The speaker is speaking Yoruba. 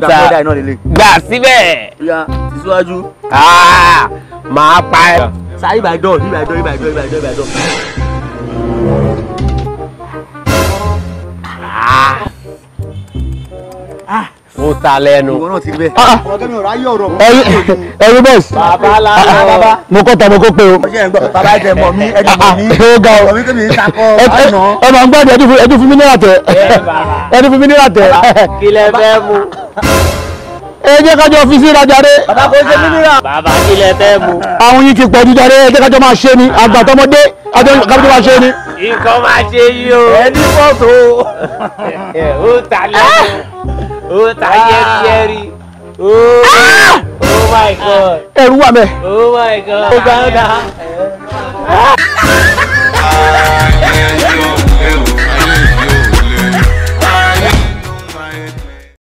ta gbà síbẹ̀. síwájú. Ah, màá pa ẹ. sa ìbàdàn ìbàdàn ìbàdàn ìbàdàn ìbàdàn. ó ta lẹ́nu. ìwọ náà ti bẹ. Ah. ẹyin bẹ́ẹ̀sì. bàbá lálẹ́ ah, bàbá. mo kọ́ tọ́ mo kó pe o. bàbá jẹ mọ̀ mí ẹni mọ̀ mí. ó ga o ọmọ ń gbọ́dọ̀ ẹdún fún mi nílà tẹ. ẹdún fún mi nílà tẹ. kílẹ̀ fẹ́ mu ẹ kájọ fi sí ìrajà rẹ. bàbá kò bàbá ilẹ̀ tẹ́ mu. àwọn yìí ti pẹ̀lú jáde ẹ kájọ máa ṣe ni àgbà tọmọdé kájọ máa ṣe ni. nǹkan máa ṣe yí o. ẹni fọ́tò o ta lẹ́nu o ta yẹ́rìyẹ́rì o ah! oh my god. ẹ̀rù wà mẹ́. oh my god. ó gbà ń dá.